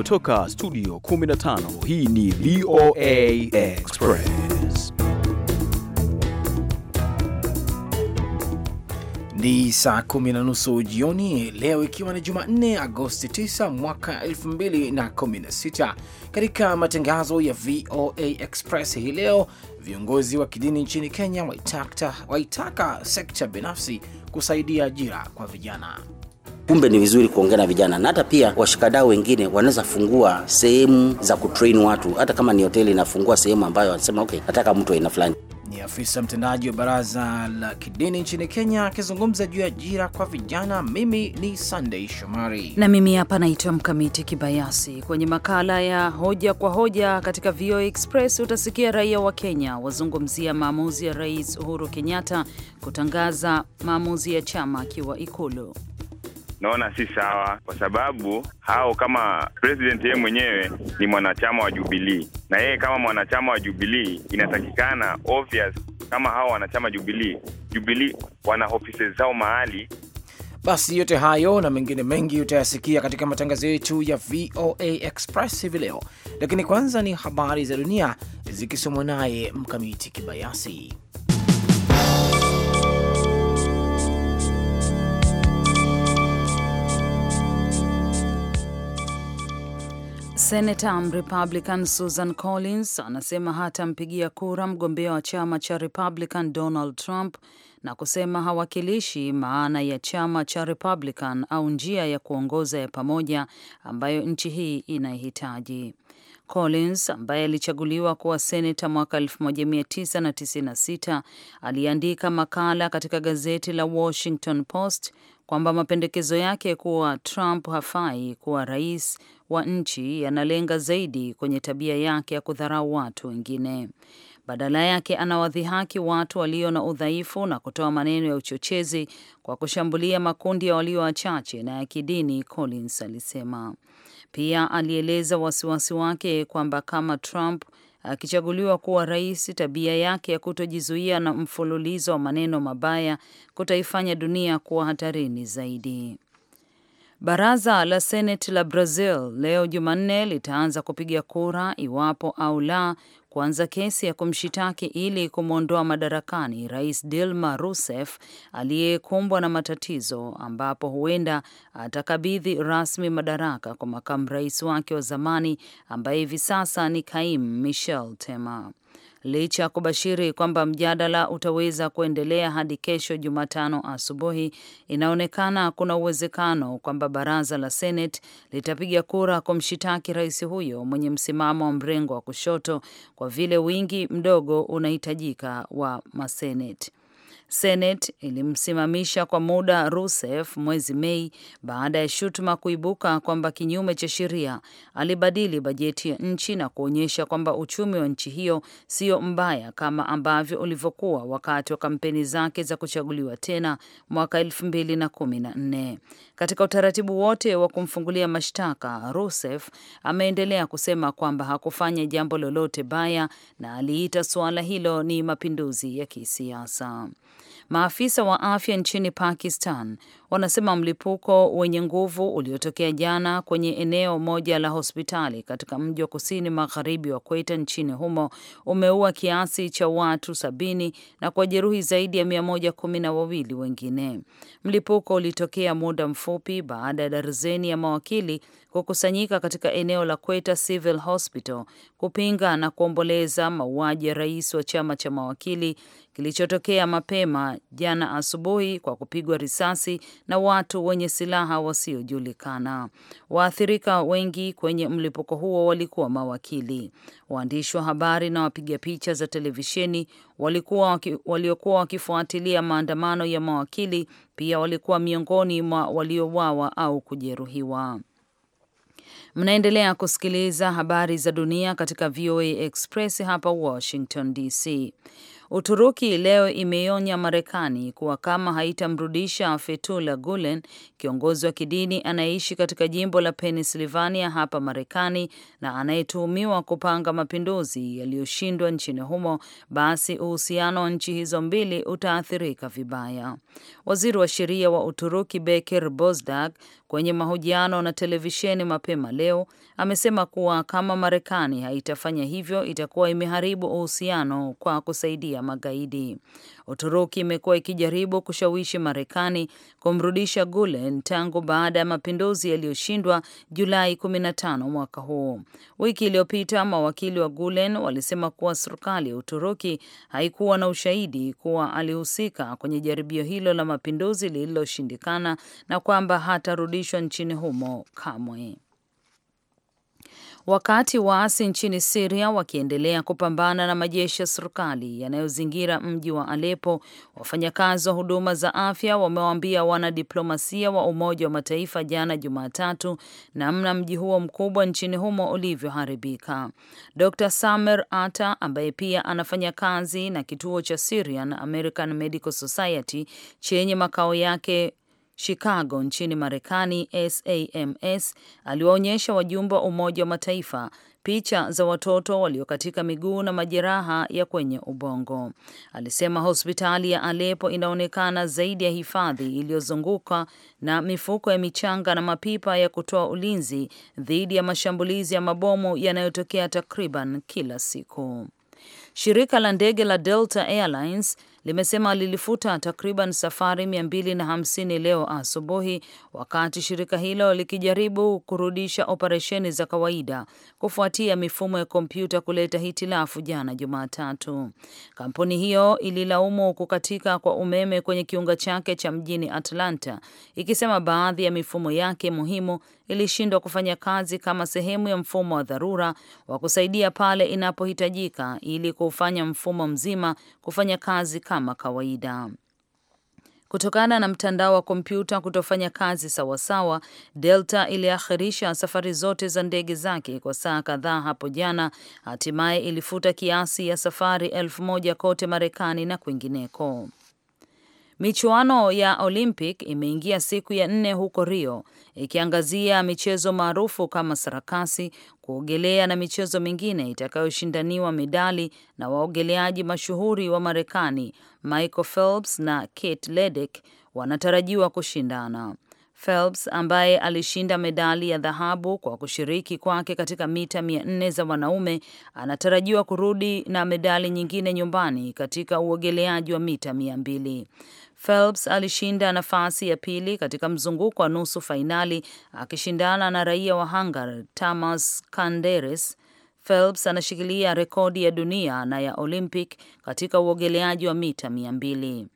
Kutoka studio 15 hii ni VOA Express. Ni saa kumi na nusu jioni leo, ikiwa ni Jumanne Agosti 9 mwaka 2016. Katika matangazo ya VOA Express hii leo, viongozi wa kidini nchini Kenya waitaka, waitaka sekta binafsi kusaidia ajira kwa vijana kumbe ni vizuri kuongea na vijana, na hata pia washikadau wengine wanaweza fungua sehemu za kutrain watu, hata kama ni hoteli inafungua sehemu ambayo wanasema okay, nataka mtu aina fulani. Ni afisa mtendaji wa baraza la kidini nchini Kenya akizungumza juu ya ajira kwa vijana. Mimi ni Sunday Shomari na mimi hapa naitwa Mkamiti Kibayasi. Kwenye makala ya hoja kwa hoja katika VOA Express utasikia raia wa Kenya wazungumzia maamuzi ya Rais Uhuru Kenyatta kutangaza maamuzi ya chama akiwa Ikulu naona si sawa, kwa sababu hao kama president yeye mwenyewe ni mwanachama wa Jubilii, na yeye kama mwanachama wa Jubilii inatakikana obvious, kama hao wanachama Jubilii, Jubilii wana ofisi zao mahali basi yote hayo na mengine mengi utayasikia katika matangazo yetu ya VOA Express hivi leo, lakini kwanza ni habari za dunia zikisomwa naye Mkamiti Kibayasi. Senata Mrepublican Susan Collins anasema hatampigia kura mgombea wa chama cha Republican Donald Trump na kusema hawakilishi maana ya chama cha Republican au njia ya kuongoza ya pamoja ambayo nchi hii inaihitaji. Collins ambaye alichaguliwa kuwa seneta mwaka 1996 aliandika makala katika gazeti la Washington Post kwamba mapendekezo yake kuwa Trump hafai kuwa rais wa nchi yanalenga zaidi kwenye tabia yake ya kudharau watu wengine. Badala yake anawadhihaki watu walio na udhaifu na kutoa maneno ya uchochezi kwa kushambulia makundi ya walio wachache na ya kidini, Collins alisema. Pia alieleza wasiwasi wake kwamba kama Trump akichaguliwa kuwa rais, tabia yake ya kutojizuia na mfululizo wa maneno mabaya kutaifanya dunia kuwa hatarini zaidi. Baraza la Seneti la Brazil leo Jumanne litaanza kupiga kura iwapo au la kuanza kesi ya kumshitaki ili kumwondoa madarakani Rais Dilma Rousseff aliyekumbwa na matatizo, ambapo huenda atakabidhi rasmi madaraka kwa makamu rais wake wa zamani ambaye hivi sasa ni Kaimu Michel Temer licha ya kubashiri kwamba mjadala utaweza kuendelea hadi kesho Jumatano asubuhi. Inaonekana kuna uwezekano kwamba baraza la Seneti litapiga kura kumshitaki rais huyo mwenye msimamo wa mrengo wa kushoto, kwa vile wingi mdogo unahitajika wa maseneti. Senate ilimsimamisha kwa muda Rusef mwezi Mei baada ya shutuma kuibuka kwamba kinyume cha sheria alibadili bajeti ya nchi na kuonyesha kwamba uchumi wa nchi hiyo sio mbaya kama ambavyo ulivyokuwa wakati wa kampeni zake za kuchaguliwa tena mwaka 2014. Katika utaratibu wote wa kumfungulia mashtaka, Rusef ameendelea kusema kwamba hakufanya jambo lolote baya na aliita suala hilo ni mapinduzi ya kisiasa. Maafisa wa afya nchini Pakistan wanasema mlipuko wenye nguvu uliotokea jana kwenye eneo moja la hospitali katika mji wa kusini magharibi wa Kweta nchini humo umeua kiasi cha watu sabini na kujeruhi zaidi ya mia moja kumi na wawili wengine. Mlipuko ulitokea muda mfupi baada ya darzeni ya mawakili kukusanyika katika eneo la Kweta Civil Hospital kupinga na kuomboleza mauaji ya rais wa chama cha mawakili kilichotokea mapema jana asubuhi kwa kupigwa risasi na watu wenye silaha wasiojulikana. Waathirika wengi kwenye mlipuko huo walikuwa mawakili, waandishi wa habari na wapiga picha za televisheni walikuwa waliokuwa wakifuatilia maandamano ya mawakili. Pia walikuwa miongoni mwa waliowawa au kujeruhiwa. Mnaendelea kusikiliza habari za dunia katika VOA Express hapa Washington DC. Uturuki leo imeionya Marekani kuwa kama haitamrudisha Fethullah Gulen, kiongozi wa kidini anayeishi katika jimbo la Pennsylvania hapa Marekani na anayetuhumiwa kupanga mapinduzi yaliyoshindwa nchini humo, basi uhusiano wa nchi hizo mbili utaathirika vibaya. Waziri wa sheria wa Uturuki Bekir Bozdag kwenye mahojiano na televisheni mapema leo amesema kuwa kama Marekani haitafanya hivyo itakuwa imeharibu uhusiano kwa kusaidia magaidi. Uturuki imekuwa ikijaribu kushawishi Marekani kumrudisha Gulen tangu baada ya mapinduzi yaliyoshindwa Julai 15 mwaka huu. Wiki iliyopita mawakili wa Gulen walisema kuwa serikali ya Uturuki haikuwa na ushahidi kuwa alihusika kwenye jaribio hilo la mapinduzi lililoshindikana na kwamba hatarudishwa nchini humo kamwe wakati waasi nchini Siria wakiendelea kupambana na majeshi ya serikali yanayozingira mji wa Alepo, wafanyakazi wa huduma za afya wamewaambia wanadiplomasia wa Umoja wa Mataifa jana Jumatatu namna mji huo mkubwa nchini humo ulivyoharibika. Dr Samer Ata ambaye pia anafanya kazi na kituo cha Syrian American Medical Society chenye makao yake Chicago nchini Marekani, SAMS, aliwaonyesha wajumbe wa Umoja wa Mataifa picha za watoto walio katika miguu na majeraha ya kwenye ubongo. Alisema hospitali ya alepo inaonekana zaidi ya hifadhi iliyozunguka na mifuko ya michanga na mapipa ya kutoa ulinzi dhidi ya mashambulizi ya mabomu yanayotokea takriban kila siku. Shirika la ndege la Delta Airlines limesema lilifuta takriban safari 250 leo asubuhi, wakati shirika hilo likijaribu kurudisha operesheni za kawaida kufuatia mifumo ya kompyuta kuleta hitilafu jana Jumatatu. Kampuni hiyo ililaumu kukatika kwa umeme kwenye kiunga chake cha mjini Atlanta, ikisema baadhi ya mifumo yake muhimu ilishindwa kufanya kazi kama sehemu ya mfumo wa dharura wa kusaidia pale inapohitajika ili kufanya mfumo mzima kufanya kazi kama kawaida. Kutokana na mtandao wa kompyuta kutofanya kazi sawasawa, Delta iliakhirisha safari zote za ndege zake kwa saa kadhaa hapo jana, hatimaye ilifuta kiasi ya safari elfu moja kote Marekani na kwingineko. Michuano ya Olympic imeingia siku ya nne huko Rio, ikiangazia michezo maarufu kama sarakasi, kuogelea na michezo mingine itakayoshindaniwa medali na waogeleaji mashuhuri wa Marekani Michael Phelps na Kate Ledeck wanatarajiwa kushindana. Phelps ambaye alishinda medali ya dhahabu kwa kushiriki kwake katika mita mia nne za wanaume anatarajiwa kurudi na medali nyingine nyumbani katika uogeleaji wa mita mia mbili Phelps alishinda nafasi ya pili katika mzunguko wa nusu fainali akishindana na raia wa Hungary thomas Kanderes. Phelps anashikilia rekodi ya dunia na ya Olympic katika uogeleaji wa mita mia mbili.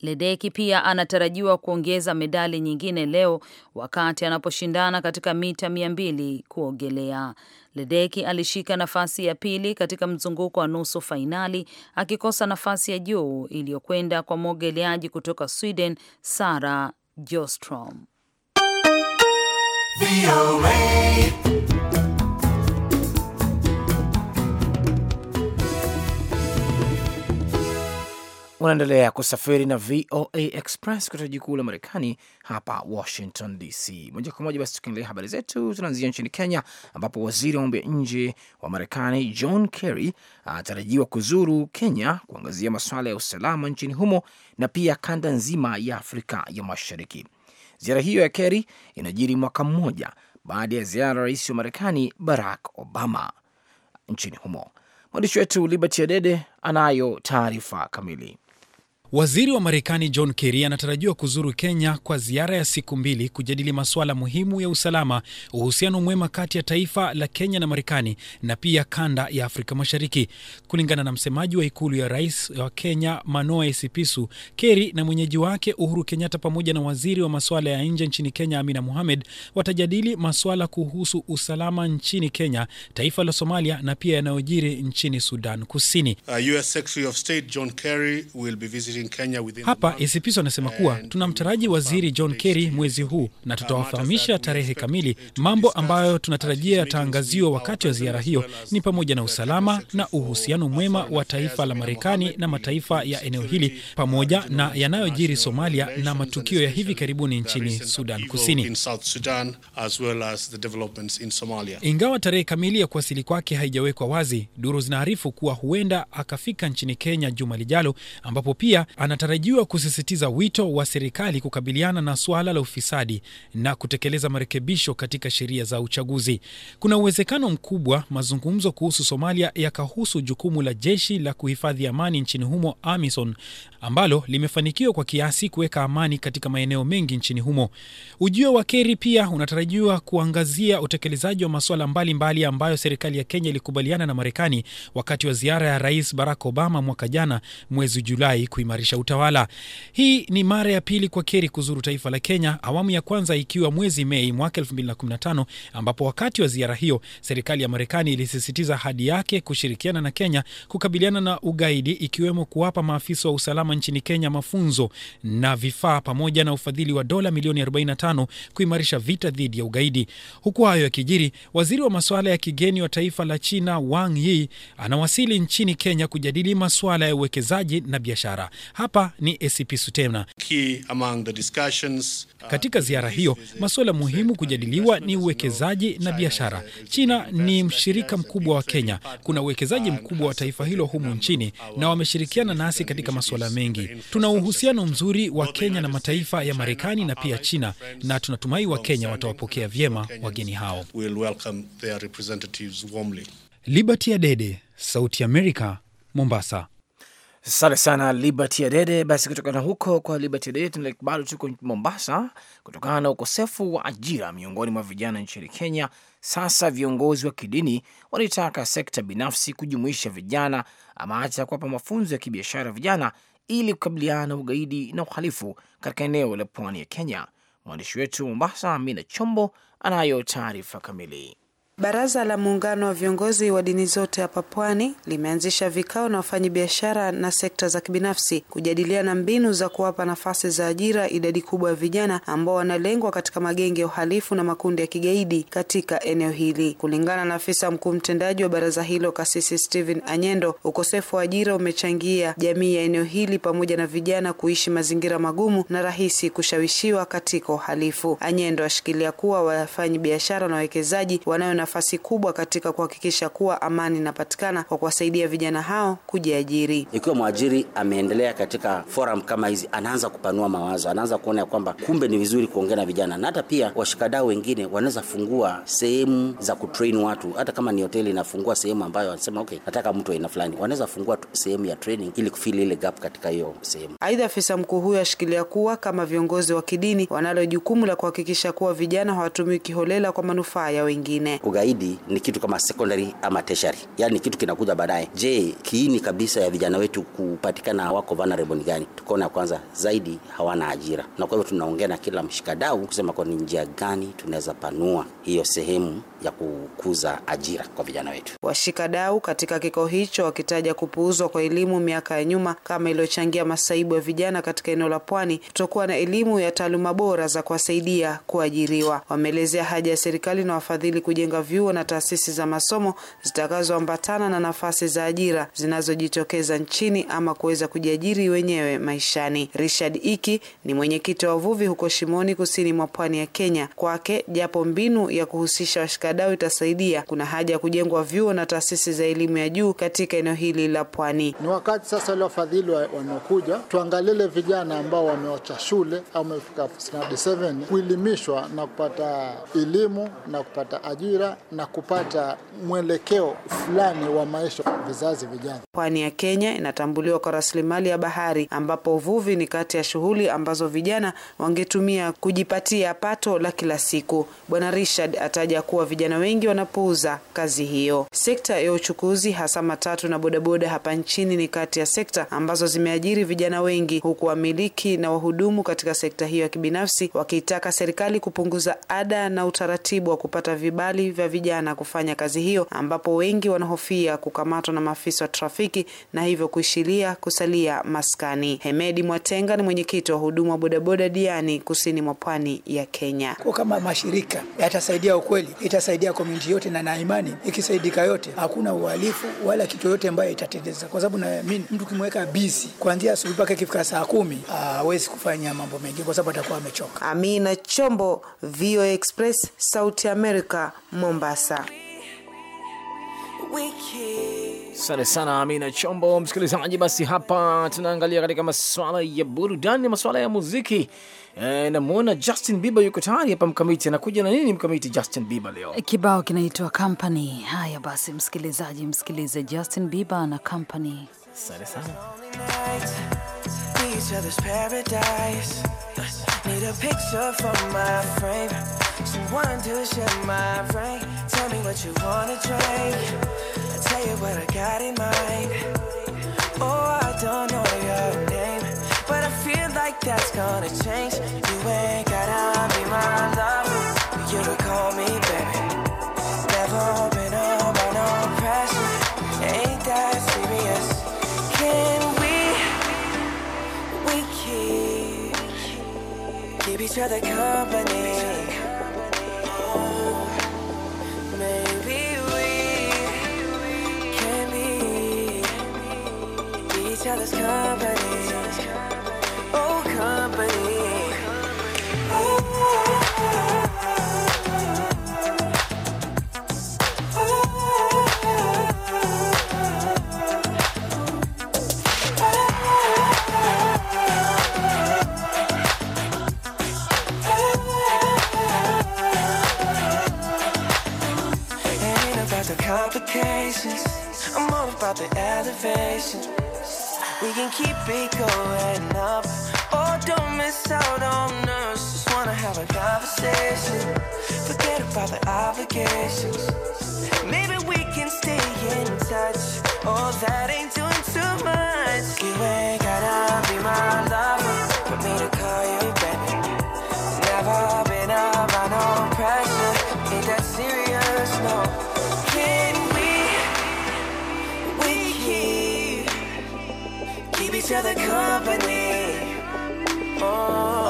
ledeki pia anatarajiwa kuongeza medali nyingine leo wakati anaposhindana katika mita mia mbili kuogelea ledeki alishika nafasi ya pili katika mzunguko wa nusu fainali akikosa nafasi ya juu iliyokwenda kwa mwogeleaji kutoka Sweden Sara Jostrom. Unaendelea kusafiri na VOA Express kutoka jikuu la Marekani hapa Washington DC, moja kwa moja. Basi tukiendelea habari zetu, tunaanzia nchini Kenya ambapo waziri wa mambo ya nje wa Marekani John Kerry anatarajiwa kuzuru Kenya kuangazia masuala ya usalama nchini humo na pia kanda nzima ya Afrika ya Mashariki. Ziara hiyo ya Kerry inajiri mwaka mmoja baada ya ziara rais wa Marekani Barack Obama nchini humo. Mwandishi wetu Liberty Adede anayo taarifa kamili. Waziri wa Marekani John Kerry anatarajiwa kuzuru Kenya kwa ziara ya siku mbili kujadili masuala muhimu ya usalama, uhusiano mwema kati ya taifa la Kenya na Marekani na pia kanda ya Afrika Mashariki. Kulingana na msemaji wa ikulu ya rais wa Kenya Manoa Esipisu, Kerry na mwenyeji wake Uhuru Kenyatta pamoja na waziri wa masuala ya nje nchini Kenya Amina Mohamed watajadili masuala kuhusu usalama nchini Kenya, taifa la Somalia na pia yanayojiri nchini Sudan Kusini. Uh, US Secretary of State John Kerry will be visiting hapa Isipiso anasema kuwa tunamtaraji Waziri John Kerry mwezi huu na tutawafahamisha tarehe kamili. Mambo ambayo tunatarajia yataangaziwa wakati wa ziara hiyo ni pamoja na usalama na uhusiano mwema wa taifa la Marekani na mataifa ya eneo hili pamoja na yanayojiri Somalia na matukio ya hivi karibuni nchini Sudan Kusini. Ingawa tarehe kamili ya kuwasili kwake haijawekwa wazi, duru zinaarifu kuwa huenda akafika nchini Kenya juma lijalo, ambapo pia anatarajiwa kusisitiza wito wa serikali kukabiliana na suala la ufisadi na kutekeleza marekebisho katika sheria za uchaguzi. Kuna uwezekano mkubwa mazungumzo kuhusu Somalia yakahusu jukumu la jeshi la kuhifadhi amani nchini humo, AMISON, ambalo limefanikiwa kwa kiasi kuweka amani katika maeneo mengi nchini humo. Ujio wa Keri pia unatarajiwa kuangazia utekelezaji wa masuala mbalimbali ambayo serikali ya Kenya ilikubaliana na Marekani wakati wa ziara ya Rais Barack Obama mwaka jana mwezi Julai kuimarisha utawala. Hii ni mara ya pili kwa Keri kuzuru taifa la Kenya, awamu ya kwanza ikiwa mwezi Mei mwaka 2015 ambapo wakati wa ziara hiyo serikali ya Marekani ilisisitiza hadi yake kushirikiana na Kenya kukabiliana na ugaidi, ikiwemo kuwapa maafisa wa usalama usalama nchini Kenya mafunzo na vifaa pamoja na ufadhili wa dola milioni 45 kuimarisha vita dhidi ya ugaidi. Huku hayo yakijiri, waziri wa masuala ya kigeni wa taifa la China Wang Yi anawasili nchini Kenya kujadili masuala ya uwekezaji na biashara. Hapa ni ACP Sutena. Uh, katika ziara hiyo, masuala muhimu kujadiliwa ni uwekezaji na biashara. Uh, China ni mshirika mkubwa wa Kenya. Kuna uwekezaji mkubwa wa taifa hilo humu nchini na wameshirikiana nasi katika masuala mengi. Tuna uhusiano mzuri wa Kenya na mataifa ya Marekani na pia China, na tunatumai Wakenya watawapokea vyema wageni hao. Liberty Adede, Sauti America, Mombasa. Asante sana Liberty Adede. Basi kutokana huko kwa Liberty Adede, bado tuko Mombasa. Kutokana na ukosefu wa ajira miongoni mwa vijana nchini Kenya, sasa viongozi wa kidini wanaitaka sekta binafsi kujumuisha vijana ama hata kuwapa mafunzo ya kibiashara vijana ili kukabiliana na ugaidi na uhalifu katika eneo la pwani ya Kenya. Mwandishi wetu Mombasa, Amina Chombo, anayo taarifa kamili. Baraza la Muungano wa Viongozi wa Dini Zote hapa Pwani limeanzisha vikao na wafanyabiashara na sekta za kibinafsi kujadiliana mbinu za kuwapa nafasi za ajira idadi kubwa ya vijana ambao wanalengwa katika magenge ya uhalifu na makundi ya kigaidi katika eneo hili. Kulingana na afisa mkuu mtendaji wa baraza hilo, Kasisi Steven Anyendo, ukosefu wa ajira umechangia jamii ya eneo hili pamoja na vijana kuishi mazingira magumu na rahisi kushawishiwa katika uhalifu. Anyendo ashikilia kuwa wafanyabiashara na wawekezaji wanayo nafasi kubwa katika kuhakikisha kuwa amani inapatikana kwa kuwasaidia vijana hao kujiajiri. Ikiwa mwajiri ameendelea katika forum kama hizi, anaanza kupanua mawazo, anaanza kuona kwamba kumbe ni vizuri kuongea na vijana, na hata pia washikadau wengine wanaweza fungua sehemu za kutrain watu. Hata kama ni hoteli inafungua sehemu ambayo wanasema okay, nataka mtu aina fulani, wanaweza fungua sehemu ya training ili kufili ile gap katika hiyo sehemu. Aidha, afisa mkuu huyo ashikilia kuwa kama viongozi wa kidini wanalo jukumu la kuhakikisha kuwa vijana hawatumii kiholela kwa manufaa ya wengine ugaidi ni kitu kama secondary ama tertiary, yani kitu kinakuja baadaye. Je, kiini kabisa ya vijana wetu kupatikana wako vulnerable ni gani? Tukaona kwanza zaidi hawana ajira, na kwa hivyo tunaongea na kila mshikadau kusema kwa ni njia gani tunaweza panua hiyo sehemu ya kukuza ajira kwa vijana wetu. Washikadau katika kikao hicho wakitaja kupuuzwa kwa elimu miaka ya nyuma kama iliyochangia masaibu ya vijana katika eneo la Pwani kutokuwa na elimu ya taaluma bora za kuwasaidia kuajiriwa. Wameelezea haja ya serikali na wafadhili kujenga vyuo na taasisi za masomo zitakazoambatana na nafasi za ajira zinazojitokeza nchini ama kuweza kujiajiri wenyewe maishani. Richard Iki ni mwenyekiti wa wavuvi huko Shimoni, kusini mwa pwani ya Kenya. Kwake japo mbinu ya kuhusisha washikadau itasaidia. Kuna haja ya kujengwa vyuo na taasisi za elimu ya juu katika eneo hili la Pwani. Ni wakati sasa wale wafadhili wanaokuja, tuangalile vijana ambao wamewacha shule au wamefika grade 7 kuelimishwa na kupata elimu na kupata ajira na kupata mwelekeo fulani wa maisha vizazi vijana. Pwani ya Kenya inatambuliwa kwa rasilimali ya bahari, ambapo uvuvi ni kati ya shughuli ambazo vijana wangetumia kujipatia pato la kila siku. Bwana Risha Richard ataja kuwa vijana wengi wanapuuza kazi hiyo. Sekta ya uchukuzi hasa matatu na bodaboda hapa nchini ni kati ya sekta ambazo zimeajiri vijana wengi, huku wamiliki na wahudumu katika sekta hiyo ya kibinafsi wakiitaka serikali kupunguza ada na utaratibu wa kupata vibali vya vijana kufanya kazi hiyo, ambapo wengi wanahofia kukamatwa na maafisa wa trafiki na hivyo kuishilia kusalia maskani. Hemedi Mwatenga ni mwenyekiti wa huduma wa bodaboda Diani, kusini mwa pwani ya Kenya. Kwa kama mashirika yata itasaidia ukweli, itasaidia community yote, na naimani ikisaidika yote hakuna uhalifu wala kitu yote ambayo itatendeza, kwa sababu naamini mtu kimweka bisi kuanzia asubuhi mpaka ikifika saa kumi hawezi kufanya mambo mengi, kwa sababu atakuwa amechoka. Amina Chombo, VOA Express, Sauti America, Mombasa. Asante sana Amina Chombo. Msikilizaji, basi hapa tunaangalia katika masuala ya burudani, masuala ya muziki E, eh, namwona Justin Bieber yuko tayari hapa. Mkamiti anakuja na nini? Mkamiti, Justin Bieber leo eh, kibao kinaitwa Company. Haya basi, msikilizaji, msikilize Justin Bieber na Company. Asante sana. But I feel like that's gonna change. You ain't gotta be my lover. You can call me baby. Never been about no pressure. Ain't that serious? Can we, we keep, keep each other company? Oh, maybe we can be each other's company. can keep it going up. Oh, don't miss out on us. Just wanna have a conversation. Forget about the obligations. Maybe we can stay in touch. Oh, that ain't doing keep each other company. Oh.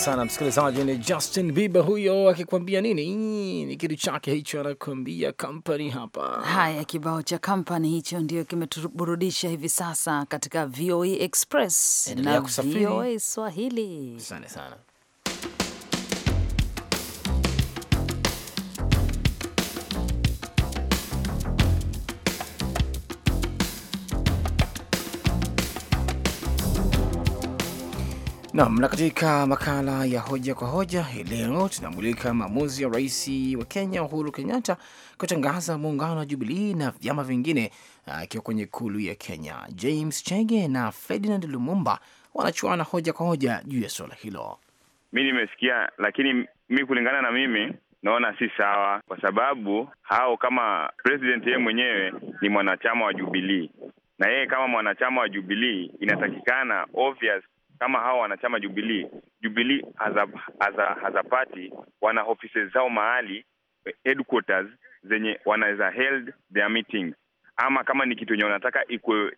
sana msikilizaji, ni Justin Bieber huyo akikwambia nini? Ni kitu chake hicho, anakuambia company hapa. Haya, kibao cha company hicho ndio kimetuburudisha hivi sasa katika VOA e Express na VOA e Swahili. Asante sana. Nam, na katika makala ya hoja kwa hoja hii leo tunamulika maamuzi ya rais wa Kenya Uhuru Kenyatta kutangaza muungano wa Jubilii na vyama vingine ah, akiwa kwenye ikulu ya Kenya. James Chege na Ferdinand Lumumba wanachuana hoja kwa hoja juu ya suala hilo. Mi nimesikia, lakini mi kulingana na mimi naona si sawa, kwa sababu hao kama president yeye mwenyewe ni mwanachama wa Jubilii na yeye kama mwanachama wa Jubilii inatakikana obvious kama hawa wanachama Jubilee, Jubilee hazapati, wana offices zao mahali eh, headquarters zenye wanaweza held their meetings, ama kama ni kitu yenye wanataka ikuwe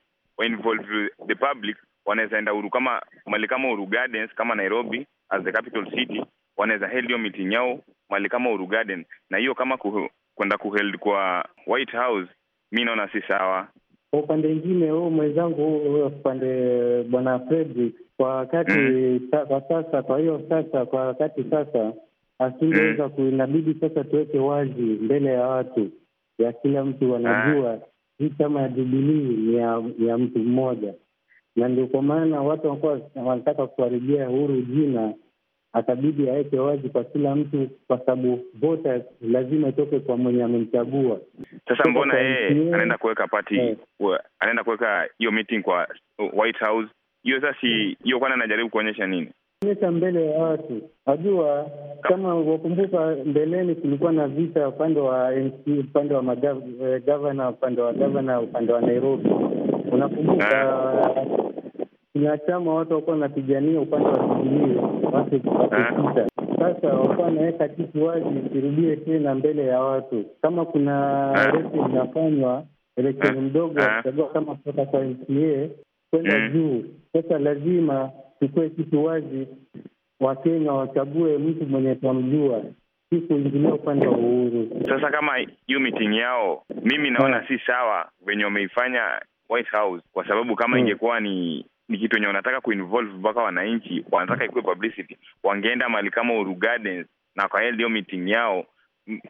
involve the public, wanaweza enda Uhuru kama mali kama Uhuru Gardens kama Nairobi as the capital city, wanaweza held hiyo meeting yao mali kama Uhuru Garden, na hiyo kama kwenda kuheld kwa White House, mi naona si sawa. Kwa upande mwingine, huo mwenzangu upande eh, bwana Fredrick kwa wakati mm. kwa sasa. Kwa hiyo sasa, kwa wakati sasa asingeweza mm. kuinabidi sasa tuweke wazi mbele ya watu ya kila mtu wanajua hii ah. chama ya Jubilii ni ya, ya mtu mmoja, na ndio kwa maana watu wanakuwa wanataka kuharibia huru jina, atabidi aweke wazi kwa kila mtu, kwa sababu vota lazima itoke kwa mwenye amemchagua. Sasa mbona yeye anaenda kuweka pati, eh. anaenda kuweka hiyo meeting kwa White House hiyo sasa, hiyo kwani anajaribu kuonyesha nini? Onyesha mbele ya watu. ajua, kama wakumbuka, mbeleni kulikuwa na vita upande wa MC, upande wa magavana, eh, upande wa gavana, upande wa Nairobi. Unakumbuka eh. kinachama watu wakuwa wanapigania upande wa Jubilee watu wakupita. Eh. sasa wakuwa wanaweka kitu wazi kirudie tena mbele ya watu. Kama kuna resi inafanywa elekeni mdogo wakuchagua kama kutoka kwa MCA kwenda mm. juu. Sasa lazima tukuwe kitu wazi, Wakenya wachague mtu mwenye tamjua si kuingilia upande wa uhuru. Sasa kama hiyo meeting yao, mimi naona eh. si sawa venye wameifanya White House, kwa sababu kama mm. ingekuwa ni ni kitu wenye wanataka kuinvolve mpaka wananchi wanataka ikuwe publicity, wangeenda mahali kama Uhuru Gardens na kwa hiyo meeting yao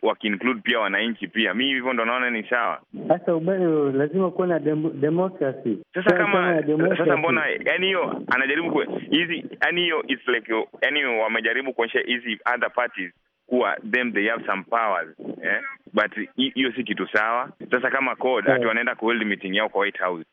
wakiinclude pia wananchi pia, mi hivyo ndo naona ni sawa. Sasa ubani lazima kuwa na democracy. Sasa kama sasa, mbona yani hiyo anajaribu hizi, yani hiyo it's like yani wamejaribu kuonyesha hizi other parties kuwa them they have some powers eh? But hiyo si kitu sawa. Sasa kama code yeah, ati wanaenda kuhold meeting yao kwa White House.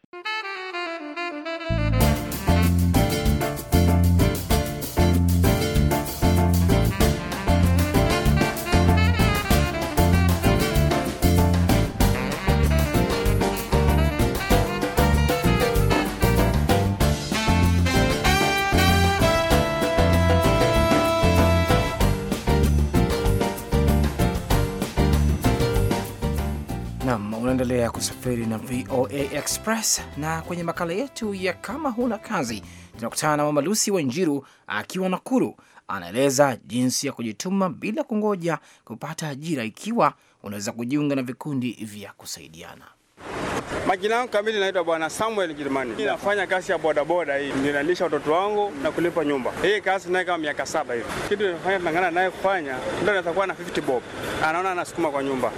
Unaendelea kusafiri na VOA Express, na kwenye makala yetu ya kama huna kazi tunakutana na Mama Lucy Wanjiru akiwa Nakuru. Anaeleza jinsi ya kujituma bila kungoja kupata ajira, ikiwa unaweza kujiunga na vikundi vya kusaidiana. Majina yangu kamili naitwa Bwana Samuel Kilimani. Mimi nafanya kazi ya bodaboda hii, ninalisha watoto wangu na kulipa nyumba. Hii kazi naye kama miaka saba hivi. Kitu ninafanya nangana naye kufanya, ndio anaweza kuwa na 50 bob. Anaona anasukuma kwa nyumba.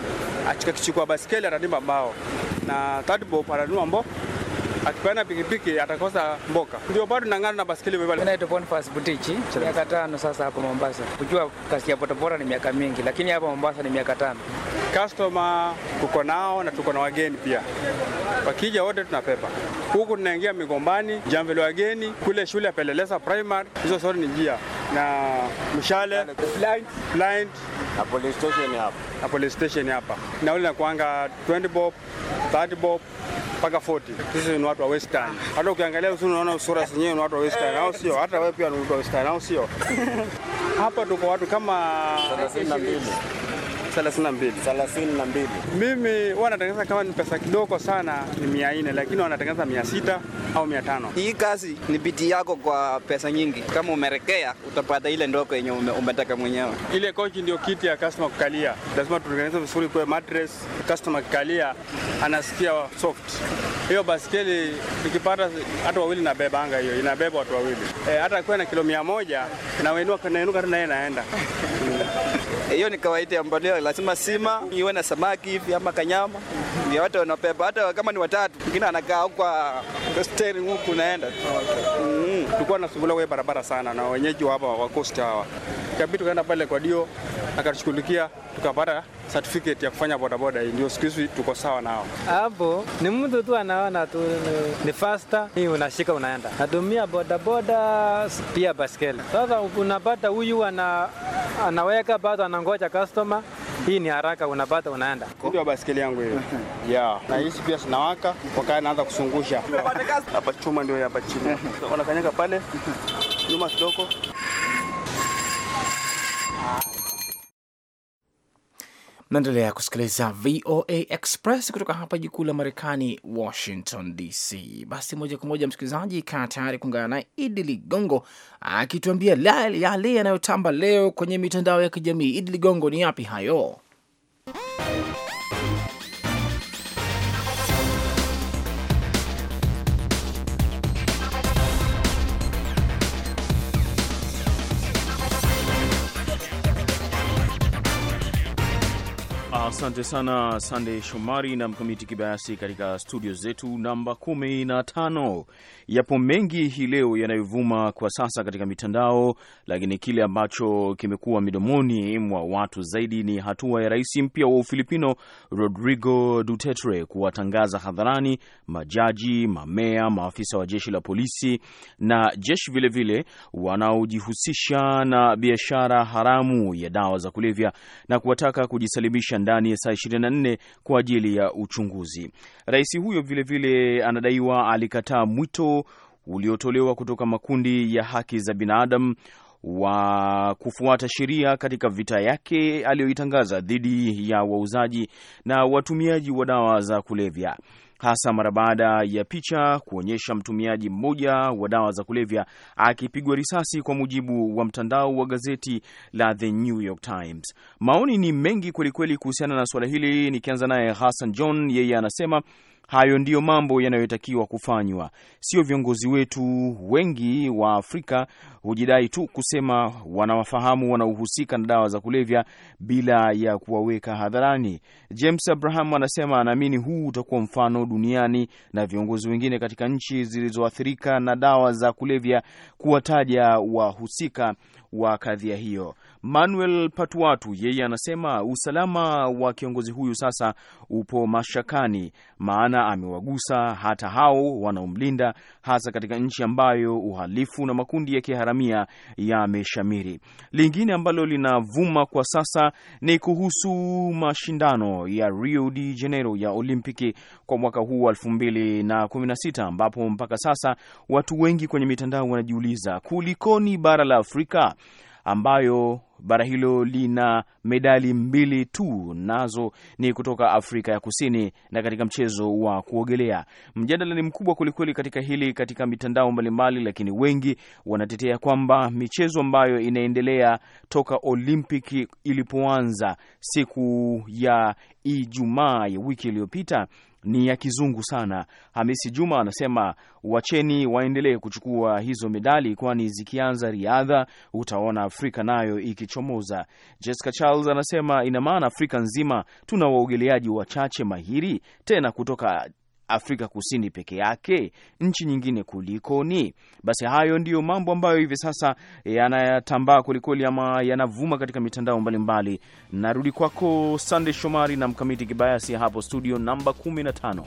Achika kichukua basikeli atadimba mbao. Na 30 bob atanunua mbo. Akikwenda pikipiki atakosa mboka. Ndio bado nangana na basikeli pale. Mimi naitwa Boniface Butichi, miaka tano sasa hapo Mombasa. Kujua kazi ya bodaboda ni miaka mingi, lakini hapa Mombasa ni miaka tano customer tuko nao na tuko na wageni pia. Wakija wote tunapepa. Huku tunaingia Migombani, Jamvele wageni, kule shule ya Peleleza Primary, hizo zote ni njia na mshale blind, blind na police station hapa na police station hapa na ule nakuanga 20 bob 30 bob mpaka 40. Sisi ni watu wa Western. Hata ukiangalia usuni unaona sura zenyewe ni watu wa Western, au sio? Hata wewe pia ni watu wa Western, au sio? Hapa tuko watu kama 32 32. 32. Mimi wanatangaza kama ni pesa kidogo sana ni mia nne, lakini wanatengeneza mia sita au mia tano. Hii kazi ni biti yako kwa pesa nyingi, kama umerekea utapata ile ndogo yenye umetaka mwenyewe. Ile kochi ndio kiti ya customer kukalia, lazima tutengeneze vizuri, kwa mattress customer kikalia anasikia soft. Hiyo basikeli nikipata hata wawili nabebanga, hiyo inabeba watu wawili eh, hata kuwa na kilo mia moja nawainuka nainuka tena yeye naenda hiyo ni kawaida ya mboleo, lazima sima iwe na samaki hivi ama kanyama ndio watu wanapepa, hata kama ni watatu, mwingine anakaa huko steering huku naenda. Mm. Tulikuwa tunasumbuliwa kwa barabara sana na wenyeji hapa wa Coast hawa, kabitu tukaenda pale kwa dio akatushughulikia tukapata certificate ya kufanya bodaboda hii, ndio siku hizi tuko sawa nao. Hapo ni mtu tu anaona tu ni faster, hii unashika unaenda. Natumia bodaboda pia baskeli. Sasa unapata huyu ana anaweka bado anangoja customer hii ni haraka, unapata unaenda. Ndio basikeli yangu hiyo ya na hizi pia sinawaka wakaa anaanza kusungusha hapa chuma, ndio hapa chini wanakanyaga pale nyuma kidogo Naendelea kusikiliza VOA Express kutoka hapa jikuu la Marekani, Washington DC. Basi moja kwa moja, msikilizaji, kaa tayari kuungana naye Idi Ligongo akituambia yale yanayotamba leo kwenye mitandao ya kijamii. Idi Ligongo, ni yapi hayo? Asante sana Sandey Shomari na Mkamiti Kibayasi katika studio zetu namba kumi na tano. Yapo mengi hii leo yanayovuma kwa sasa katika mitandao, lakini kile ambacho kimekuwa midomoni mwa watu zaidi ni hatua ya rais mpya wa Ufilipino Rodrigo Duterte kuwatangaza hadharani majaji, mamea, maafisa wa jeshi la polisi na jeshi vilevile wanaojihusisha na biashara haramu ya dawa za kulevya na kuwataka kujisalimisha ndani ndani ya saa 24 kwa ajili ya uchunguzi. Rais huyo vilevile vile anadaiwa alikataa mwito uliotolewa kutoka makundi ya haki za binadamu wa kufuata sheria katika vita yake aliyoitangaza dhidi ya wauzaji na watumiaji wa dawa za kulevya hasa mara baada ya picha kuonyesha mtumiaji mmoja wa dawa za kulevya akipigwa risasi, kwa mujibu wa mtandao wa gazeti la The New York Times. Maoni ni mengi kwelikweli kuhusiana na suala hili, nikianza naye Hassan John, yeye anasema Hayo ndiyo mambo yanayotakiwa kufanywa, sio viongozi wetu. Wengi wa Afrika hujidai tu kusema wanawafahamu wanaohusika na dawa za kulevya bila ya kuwaweka hadharani. James Abraham anasema anaamini huu utakuwa mfano duniani na viongozi wengine katika nchi zilizoathirika na dawa za kulevya kuwataja wahusika wa kadhia hiyo. Manuel Patuatu yeye anasema usalama wa kiongozi huyu sasa upo mashakani, maana amewagusa hata hao wanaomlinda, hasa katika nchi ambayo uhalifu na makundi ya kiharamia yameshamiri. Lingine ambalo linavuma kwa sasa ni kuhusu mashindano ya Rio de Janeiro ya Olimpiki kwa mwaka huu wa 216 ambapo mpaka sasa watu wengi kwenye mitandao wanajiuliza kulikoni bara la Afrika ambayo bara hilo lina medali mbili tu, nazo ni kutoka Afrika ya Kusini na katika mchezo wa kuogelea. Mjadala ni mkubwa kwelikweli katika hili katika mitandao mbalimbali, lakini wengi wanatetea kwamba michezo ambayo inaendelea toka Olimpiki ilipoanza siku ya Ijumaa ya wiki iliyopita ni ya kizungu sana. Hamisi Juma anasema wacheni waendelee kuchukua hizo medali, kwani zikianza riadha utaona Afrika nayo iki yalichomoza. Jessica Charles anasema ina maana Afrika nzima tuna waogeleaji wachache mahiri tena kutoka Afrika Kusini peke yake, nchi nyingine kulikoni? Basi hayo ndiyo mambo ambayo hivi sasa yanayatambaa kwelikweli, ama yanavuma katika mitandao mbalimbali. Narudi kwako sandey Shomari na Mkamiti Kibayasi hapo studio namba 15.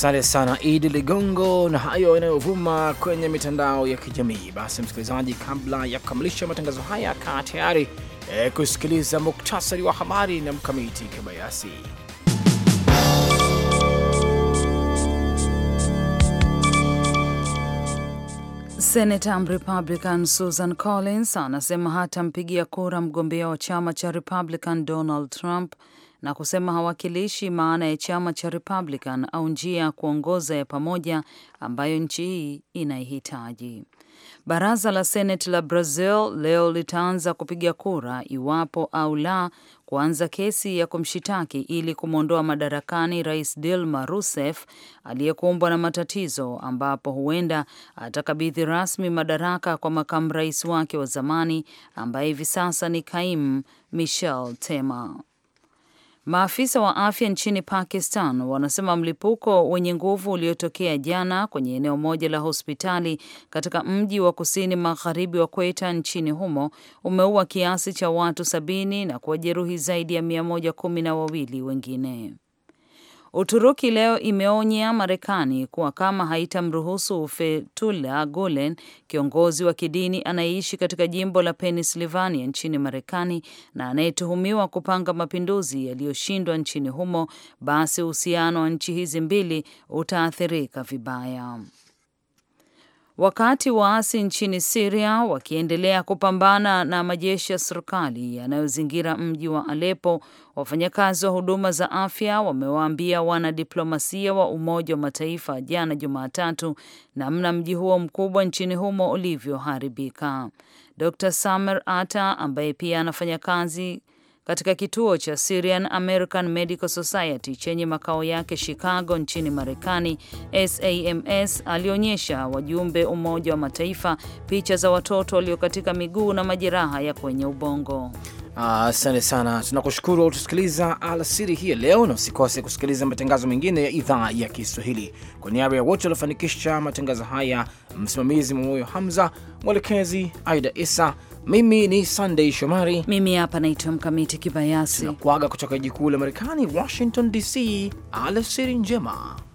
Asante sana Idi Ligongo na hayo yanayovuma kwenye mitandao ya kijamii. Basi msikilizaji, kabla ya kukamilisha matangazo haya, kaa tayari e, kusikiliza muktasari wa habari na Mkamiti Kibayasi. Senata Mrepublican Susan Collins anasema hatampigia kura mgombea wa chama cha Republican Donald Trump na kusema hawakilishi maana ya chama cha Republican au njia ya kuongoza ya pamoja ambayo nchi hii inaihitaji. Baraza la Seneti la Brazil leo litaanza kupiga kura iwapo au la kuanza kesi ya kumshitaki ili kumwondoa madarakani Rais Dilma Rousseff aliyekumbwa na matatizo, ambapo huenda atakabidhi rasmi madaraka kwa makamu rais wake wa zamani ambaye hivi sasa ni kaimu Michel Temer. Maafisa wa afya nchini Pakistan wanasema mlipuko wenye nguvu uliotokea jana kwenye eneo moja la hospitali katika mji wa kusini magharibi wa Quetta nchini humo umeua kiasi cha watu sabini na kuwajeruhi zaidi ya mia moja kumi na wawili wengine. Uturuki leo imeonya Marekani kuwa kama haitamruhusu Fethullah Gulen, kiongozi wa kidini anayeishi katika jimbo la Pennsylvania nchini Marekani na anayetuhumiwa kupanga mapinduzi yaliyoshindwa nchini humo, basi uhusiano wa nchi hizi mbili utaathirika vibaya wakati waasi nchini Siria wakiendelea kupambana na majeshi ya serikali yanayozingira mji wa Alepo, wafanyakazi wa huduma za afya wamewaambia wanadiplomasia wa Umoja wa Mataifa jana Jumatatu namna mji huo mkubwa nchini humo ulivyoharibika. Dr Samer Atta ambaye pia anafanya kazi katika kituo cha Syrian American Medical Society chenye makao yake Chicago nchini Marekani, SAMS alionyesha wajumbe Umoja wa Mataifa picha za watoto walio katika miguu na majeraha ya kwenye ubongo. Asante ah, sana. Tunakushukuru utusikiliza alasiri hii leo, na usikose kusikiliza matangazo mengine ya idhaa ya Kiswahili. Kwa niaba ya wote waliofanikisha matangazo haya, msimamizi Mwamoyo Hamza, mwelekezi Aida Isa. Mimi ni Sunday Shomari, mimi hapa naitwa Mkamiti Kibayasi. Tunakuaga kutoka jiji kuu la Marekani, Washington DC. Alasiri njema.